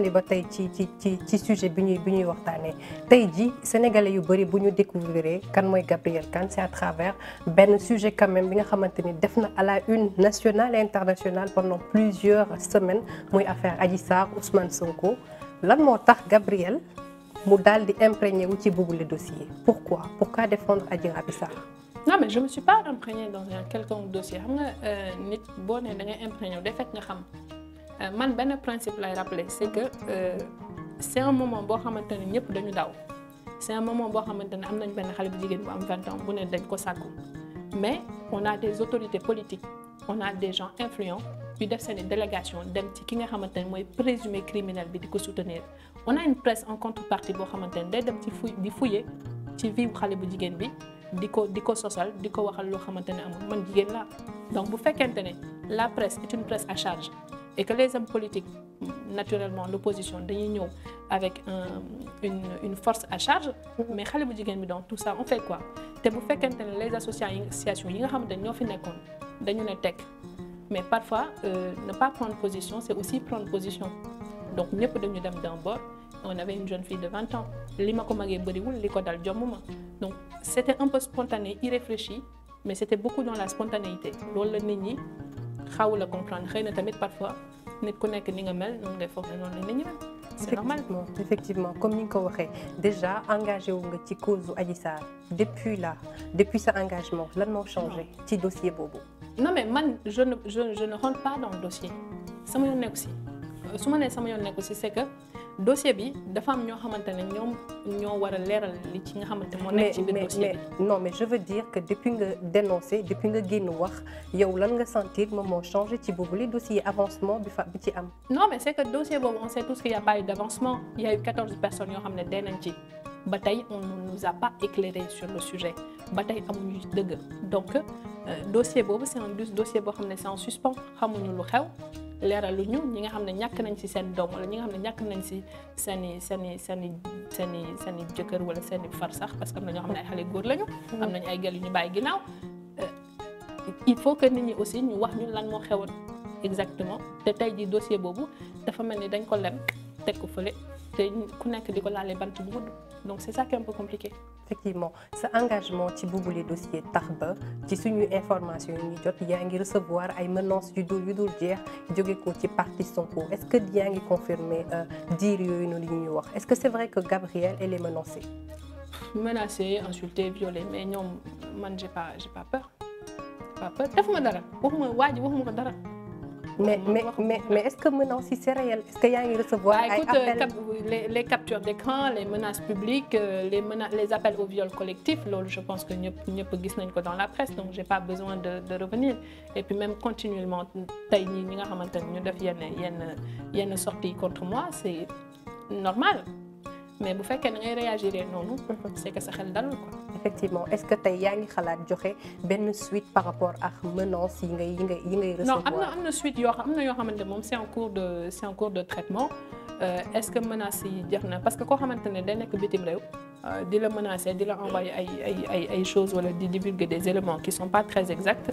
ni ba tey ci ci ci ci sujet bi ñuy bi ñuy waxtaanee tey ji sénégalais yu bëri bu ñu découvrir kan mooy Gabrielle Kane c'est à travers benn sujet quand bi nga xamante ni def na à la une nationale et internationale pendant plusieurs semaines muy affaire aji Sarr Ousmane Sonko lan moo tax Gabrielle mu dal di imprégné wu ci boobule dossier pourquoi pourquoi défendre Adji Raby Sarr non mais je me suis pas imprégnée dans un quelconque dossier xam nga euh, nit boo nee da ngay Euh, man benn principe lay rappeler c' est que euh, c' est un moment boo xamante ne ñëpp dañu daw c' un moment boo xamante ne am nañ benn xale bu jigéen bu am vingt ans bu ne dañ ko sàkku mais on a des autorités politiques on a des gens influents yu def seeni délégation dem ci ki nga xamante ne mooy présumé criminel bi di ko soutenir on a une presse en contrepartie boo xamante ne day dem ci fuy di fouiller ci vie xale bu jigéen bi di ko di ko sosal di ko waxal loo xamante ne amul man jigéen la donc bu fekkente ne la presse est et que les hommes politiques naturellement l'opposition dañuy ñëw avec un une une force à charge mais xale bu jigéen bi donc tout ça on fait quoi te bu fekkente ne les associations yi nga xamante ne ñoo fi nekkoon dañu ne teg mais parfois euh, ne pas prendre position c'est aussi prendre position donc ñëpp dañu dem d'un bord on avait une jeune fille de vingt ans li ma ko magee bëriwul li ko dal jomm ma donc c'était un peu spontané irréfléchi mais c'était beaucoup dans la spontanéité loolu la nit ñi xaw la comprendre xëy na tamit parfois nit ku nekk ni nga mel noonu ngay foog ne noonu la nit ñi mel. c'est normal effectivement comme ni nga ko waxee déjà engagé wu nga ci cause bu Adji Sarr depuis là depuis sa engagement lan moo changé ci dossier boobu. non mais man je ne je, je ne rentre pas dans le dossier sama yoon nekku si euh, su ma nee sama yoon nekku si c'est que. dossier bi dafa am ñoo xamante ne ñoom ñoo war a leeral li ci nga xamante moo nekk ci biir dossier bi non mais je veux dire que depuis nga dénoncé depuis nga génn wax yow lan nga sentir moom moo changé ci boobu li dossier avancement bi fa bi ci am. no mais c'est que dossier boobu on sait tous qu'il y a pas eu d'avancement il quatorze personnes yoo xam ne dee nañ ci ba tey on ne nous a pas éclairé sur le sujet ba tey amuñu dëgg donc euh, dossier boobu c'est un dossier boo xam ne se en suspens xamuñu lu xew. leeral yu ñu ñi nga xam ne ñàkk nañ si seen doom wala ñi nga xam ne ñàkk nañ si seeni i seen i seen i jëkkër wala seeni far sax parce que am na ñoo xam ne ay xale góor lañu. Mm-hmm. am nañu ay gel yu ñu bàyyi ginnaaw. Euh, il faut que nit ñi aussi ñu wax ñu lan moo xewoon exactement te tey jii dossier boobu dafa mel ni dañ ko lem teg ko fële te ku nekk di ko laalee bant bu gudd donc c'est ça qui est un compliqué. effectivement sa engagement ci boobule dossier tax ba ci suñu information yu ñu jot yaa ngi recevoir ay menaces yu dul yu dul jeex jóge ko ci parti Sonko est-ce que yaa ngi confirmer euh, diir yooyu noonu ñu wax est-ce que c'est vrai que Gabrielle elle est menacée. menacée insultée violée mais ñoom man j'ai pas j'ai pas defuma dara waxuma waa ji dara. mais mais mais mais est-ce que menaces yi c'est réel est-ce que yaa ngi recevoir. ay appels waaye écoute euh, les les captures d'écran les menaces publiques euh, les menaces les appels au viol collectif loolu je pense que ñëpp ñëpp gis nañ ko dans la presse donc j'ai pas besoin de de revenir et puis même continuellement tey ñi ñi nga xamante ne ñu def yenn yenn yenn sorties contre moi c'est normal mais bu fekkee da ngay réagir noonu mm-hmm. c'est que sa xel dalul quoi. effectivement est-ce que tey yaa ngi xalaat joxe benn suite par rapport ak menaces yi ngay yi ngay yi ngay recevoir non am na am na suite yoo xam am na yoo xamante moom c'est en cours de c'est en cours de traitement euh, est-ce que menaces yi jeex na parce que koo xamante ne day nekk bitim réew euh, di la menacer di la envoyer ay ay ay ay choses wala di divulguer des éléments qui sont pas très exacts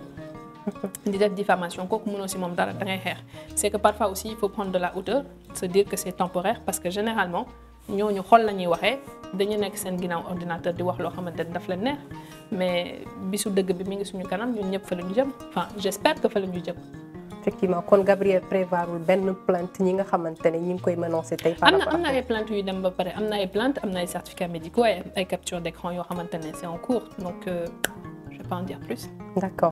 di def diffamation kooku mënoo si moom dara da ngay xeex c'est que parfois aussi il faut prendre de la hauteur se dire que c'est temporaire parce que généralement ñooñu xol la ñuy waxee dañu nekk seen ginnaaw ordinateur di wax loo xamante ni daf leen neex mais bisu dëgg bi mi ngi suñu kanam ñun ñëpp fa la ñu jëm enfin j'espère que fa la ñu jëm. effectivement kon Gabrielle prévoirul benn plainte ñi nga xamante ne ñi ngi koy menacé tey. par rapport am na am na ay yu dem ba pare am na ay plaintes am na ay certificats médicaux ay capture d'écran yoo xamante ne c'est en cours donc euh, je vais pas en dire plus.